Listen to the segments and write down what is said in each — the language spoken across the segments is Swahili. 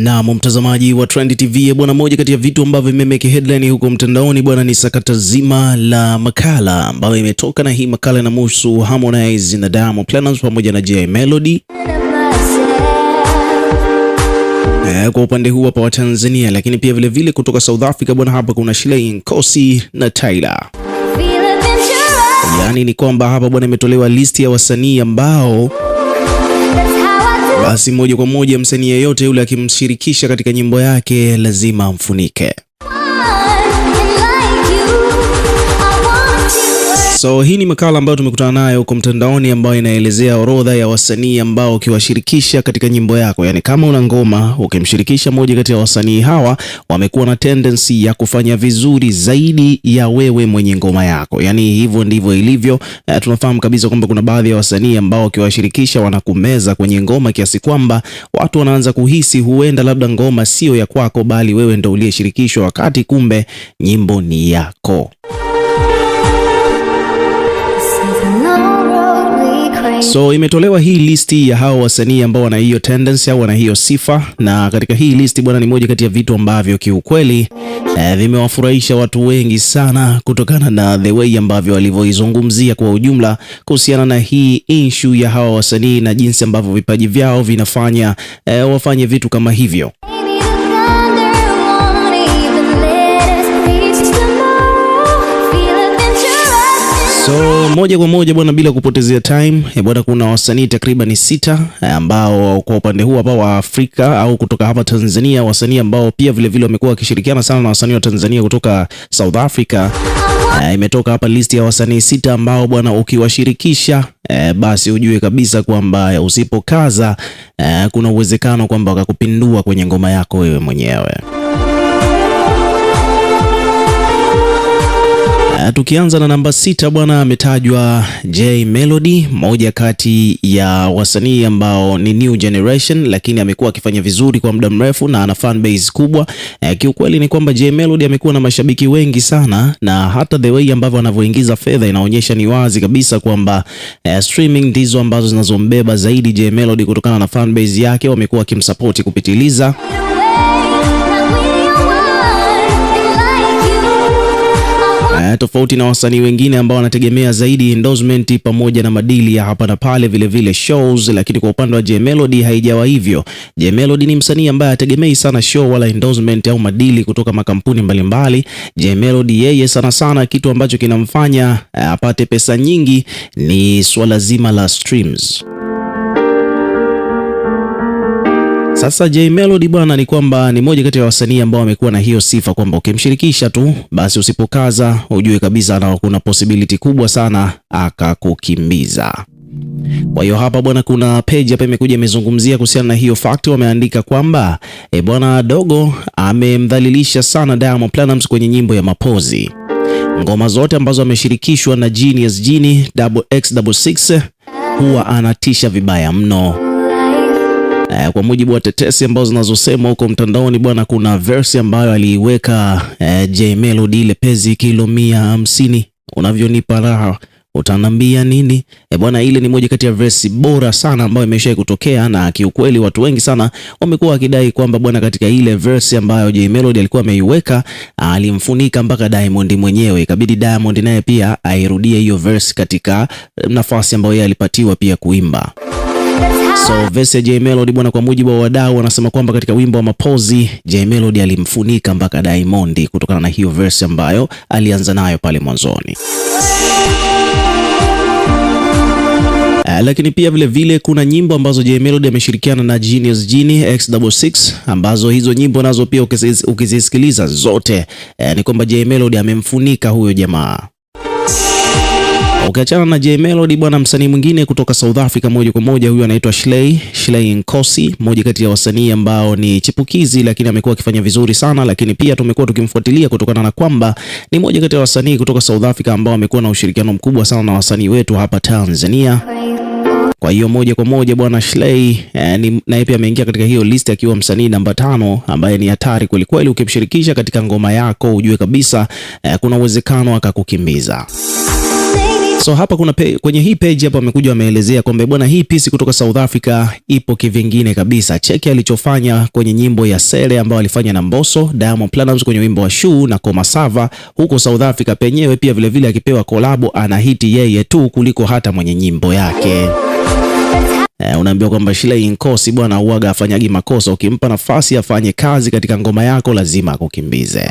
Naam, mtazamaji wa Trend TV bwana, moja kati ya vitu ambavyo vimemeke headline huko mtandaoni bwana ni sakata zima la makala ambayo imetoka, na hii makala inamhusu Harmonize na Diamond Platnumz pamoja na Jay Melody eh, kwa upande huu hapa wa Tanzania, lakini pia vile vile kutoka South Africa bwana, hapa kuna Sheila Nkosi na Tyler. Yaani ni kwamba hapa bwana, imetolewa listi ya wasanii ambao basi moja kwa moja msanii yeyote yule akimshirikisha katika nyimbo yake lazima amfunike. So hii ni makala ambayo tumekutana nayo huko mtandaoni ambayo inaelezea orodha ya wasanii ambao ukiwashirikisha katika nyimbo yako, yaani kama una ngoma ukimshirikisha moja kati ya wasanii hawa, wamekuwa na tendency ya kufanya vizuri zaidi ya wewe mwenye ngoma yako. Yaani hivyo ndivyo ilivyo. Uh, tunafahamu kabisa kwamba kuna baadhi ya wasanii ambao ukiwashirikisha wanakumeza kwenye ngoma kiasi kwamba watu wanaanza kuhisi huenda labda ngoma sio ya kwako, bali wewe ndio uliyeshirikishwa, wakati kumbe nyimbo ni yako. So imetolewa hii listi ya hao wasanii ambao wana hiyo tendency au wana hiyo sifa, na katika hii listi bwana, ni moja kati ya vitu ambavyo kiukweli eh, vimewafurahisha watu wengi sana kutokana na the way ambavyo walivyoizungumzia kwa ujumla kuhusiana na hii issue ya hawa wasanii na jinsi ambavyo vipaji vyao vinafanya eh, wafanye vitu kama hivyo. moja kwa moja bwana, bila kupotezea time eh, bwana, kuna wasanii takriban sita eh, ambao kwa upande huu hapa wa Afrika au kutoka hapa Tanzania, wasanii ambao pia vilevile wamekuwa wakishirikiana sana na wasanii wa Tanzania kutoka South Africa. E, imetoka hapa listi ya wasanii sita ambao bwana, ukiwashirikisha e, basi ujue kabisa kwamba usipokaza e, kuna uwezekano kwamba wakakupindua kwenye ngoma yako wewe mwenyewe. Tukianza na namba sita bwana, ametajwa j Melody, moja kati ya wasanii ambao ni new generation, lakini amekuwa akifanya vizuri kwa muda mrefu na ana fan base kubwa. E, kiukweli ni kwamba j Melody amekuwa na mashabiki wengi sana, na hata the way ambavyo anavyoingiza fedha inaonyesha ni wazi kabisa kwamba e, streaming ndizo ambazo zinazombeba zaidi J Melody kutokana na fan base yake, wamekuwa wakimsapoti kupitiliza Haya tofauti na wasanii wengine ambao wanategemea zaidi endorsement pamoja na madili ya hapa na pale, vile vile shows. Lakini kwa upande wa Jay haijawa hivyo. Jay ni msanii ambaye hategemei sana show wala endorsement au madili kutoka makampuni mbalimbali. Jay yeye sana sana kitu ambacho kinamfanya eh, apate pesa nyingi ni swala zima la streams. Sasa Jay Melody bwana, ni kwamba ni moja kati ya wasanii ambao wamekuwa na hiyo sifa kwamba ukimshirikisha tu basi, usipokaza ujue kabisa na kuna possibility kubwa sana akakukimbiza. Kwa hiyo hapa bwana, kuna page hapa imekuja imezungumzia kuhusiana na hiyo fact. Wameandika kwamba e, bwana Dogo amemdhalilisha sana Diamond Platnumz kwenye nyimbo ya mapozi. Ngoma zote ambazo ameshirikishwa na Genius Genie, Double X Double Six huwa anatisha vibaya mno eh, kwa mujibu wa tetesi ambazo zinazosema huko mtandaoni bwana, kuna verse ambayo aliiweka eh, J Melody ile pezi kilo mia hamsini unavyonipa raha utanambia nini e, bwana, ile ni moja kati ya verse bora sana ambayo imeshawahi kutokea, na kiukweli watu wengi sana wamekuwa wakidai kwamba bwana, katika ile verse ambayo Jay Melody alikuwa ameiweka alimfunika mpaka Diamond mwenyewe, ikabidi Diamond naye pia airudie hiyo verse katika eh, nafasi ambayo yeye alipatiwa pia kuimba. So Verse J Melody bwana, kwa mujibu wa wadau wanasema kwamba katika wimbo wa Mapozi J Melody alimfunika mpaka Diamond kutokana na hiyo verse ambayo alianza nayo pale mwanzoni. Eh, lakini pia vile vile kuna nyimbo ambazo Jay Melody ameshirikiana na Genius Genie X66 ambazo hizo nyimbo nazo pia ukizisikiliza zote, eh, ni kwamba Jay Melody amemfunika huyo jamaa. Ukiachana na Jay Melody bwana, msanii mwingine kutoka South Africa moja kwa moja, huyu anaitwa Shlay Shlay Nkosi, mmoja kati ya wasanii ambao ni chipukizi, lakini amekuwa akifanya vizuri sana, lakini pia tumekuwa tukimfuatilia kutokana na kwamba ni mmoja kati ya wasanii kutoka South Africa ambao amekuwa na ushirikiano mkubwa sana na wasanii wetu hapa Tanzania. Kwa hiyo moja kwa moja bwana Shlay eh, naye pia ameingia katika hiyo list akiwa msanii namba tano ambaye ni hatari kwelikweli. Ukimshirikisha katika ngoma yako ujue kabisa eh, kuna uwezekano akakukimbiza. So hapa kuna pe, kwenye hii page hapa wamekuja wameelezea kwamba bwana, hii pisi kutoka South Africa ipo kivingine kabisa. Cheki alichofanya kwenye nyimbo ya Sele ambayo alifanya na Mbosso, Diamond Platnumz kwenye wimbo wa Shuu na Komasava huko South Africa penyewe pia vilevile vile, akipewa kolabo anahiti yeye tu kuliko hata mwenye nyimbo yake. Eh, unaambiwa kwamba Shila Inkosi bwana uaga afanyagi makosa, ukimpa nafasi afanye kazi katika ngoma yako lazima akukimbize.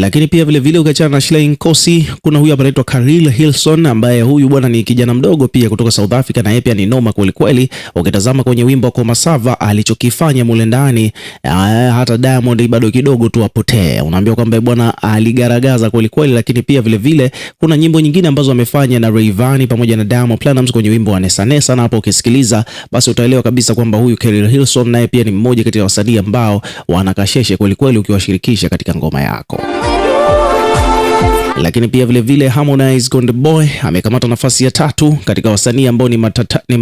Lakini pia vile vile ukiachana na Sheila Nkosi, kuna huyu hapa anaitwa Karil Hilson, ambaye huyu bwana ni kijana mdogo pia kutoka South Africa, na yeye pia ni noma kweli kweli. Ukitazama kwenye wimbo wa Komasava alichokifanya mule ndani, eh, hata Diamond bado kidogo tu apotee. Unaambia kwamba bwana aligaragaza kweli kweli, lakini pia vile vile, kuna nyimbo nyingine ambazo amefanya na Rayvanny pamoja na Diamond Platnumz kwenye wimbo wa Nesa Nesa, na hapo ukisikiliza basi utaelewa kabisa kwamba huyu Karil Hilson naye pia ni mmoja kati ya wasanii ambao wanakasheshe kweli kweli ukiwashirikisha katika ngoma yako. Lakini pia vilevile Harmonize Konde Boy amekamata nafasi ya tatu katika wasanii ambao ni, ni,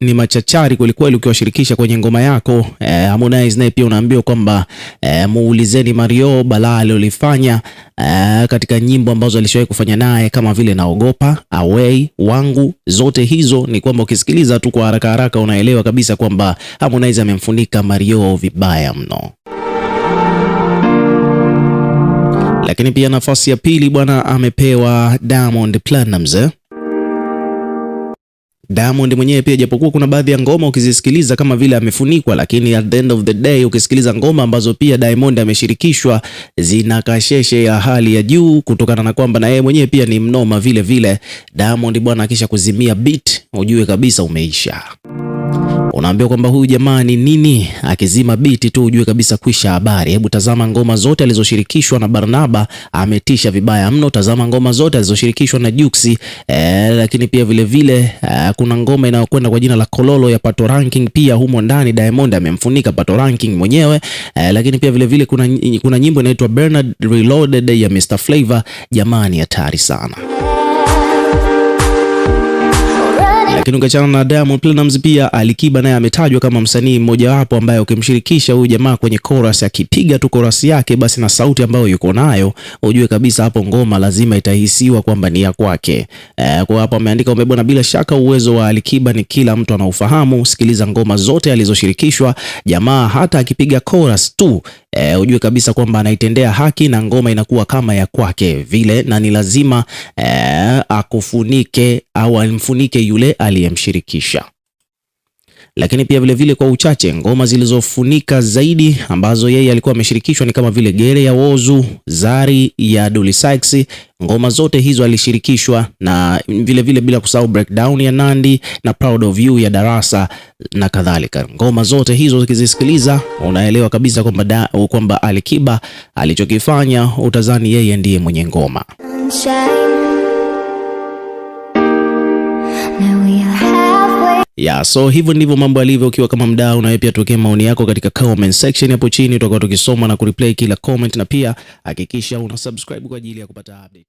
ni machachari kwelikweli, ukiwashirikisha kwenye ngoma yako E, Harmonize naye pia unaambiwa kwamba e, muulizeni Mario balaa alilolifanya e, katika nyimbo ambazo alishawahi kufanya naye kama vile naogopa, away, wangu, zote hizo ni kwamba ukisikiliza tu kwa haraka haraka unaelewa kabisa kwamba Harmonize amemfunika Mario vibaya mno. Lakini pia nafasi ya pili bwana amepewa Diamond Platnumz. Diamond mwenyewe pia, japokuwa kuna baadhi ya ngoma ukizisikiliza kama vile amefunikwa, lakini at the end of the day ukisikiliza ngoma ambazo pia Diamond ameshirikishwa zina kasheshe ya hali ya juu, kutokana na kwamba na yeye mwenyewe pia ni mnoma vile vile. Diamond bwana, akisha kuzimia beat ujue kabisa umeisha unaambiwa kwamba huyu jamaa ni nini, akizima biti tu ujue kabisa kwisha habari. Hebu tazama ngoma zote alizoshirikishwa na Barnaba, ametisha vibaya mno. Tazama ngoma zote alizoshirikishwa na Juksi e, lakini pia vilevile vile, e, kuna ngoma inayokwenda kwa jina la Kololo ya Pato Ranking, pia humo ndani Diamond amemfunika Pato Ranking mwenyewe e, lakini pia vile vile kuna, kuna nyimbo inaitwa Bernard Reloaded ya Mr Flavor. Jamani hatari sana. Lakini ukiachana na Diamond Platnumz, pia Alikiba naye ametajwa kama msanii mmojawapo ambaye ukimshirikisha huyu jamaa kwenye chorus, akipiga tu chorus yake basi na sauti ambayo yuko nayo, ujue kabisa hapo ngoma lazima itahisiwa kwamba ni ya kwake. E, kwa hapo ameandika umebona. Bila shaka uwezo wa Alikiba ni kila mtu anaufahamu. Sikiliza ngoma zote alizoshirikishwa jamaa, hata akipiga chorus tu e, ujue kabisa kwamba anaitendea haki na ngoma inakuwa kama ya kwake vile, na ni lazima e, akufunike au amfunike yule aliyemshirikisha. Lakini pia vilevile vile kwa uchache ngoma zilizofunika zaidi ambazo yeye alikuwa ameshirikishwa ni kama vile Gere ya Wozu, Zari ya Dully Sykes. Ngoma zote hizo alishirikishwa na vilevile vile bila kusahau Breakdown ya Nandi na Proud of You ya Darasa na kadhalika. Ngoma zote hizo ukizisikiliza unaelewa kabisa kwamba kwamba Alikiba alichokifanya utazani yeye ndiye mwenye ngoma. yeah, so hivyo ndivyo mambo yalivyo. Ukiwa kama mdau, nawe pia tuwekee maoni yako katika comment section hapo chini, tutakuwa tukisoma na kureplay kila comment, na pia hakikisha una subscribe kwa ajili ya kupata update.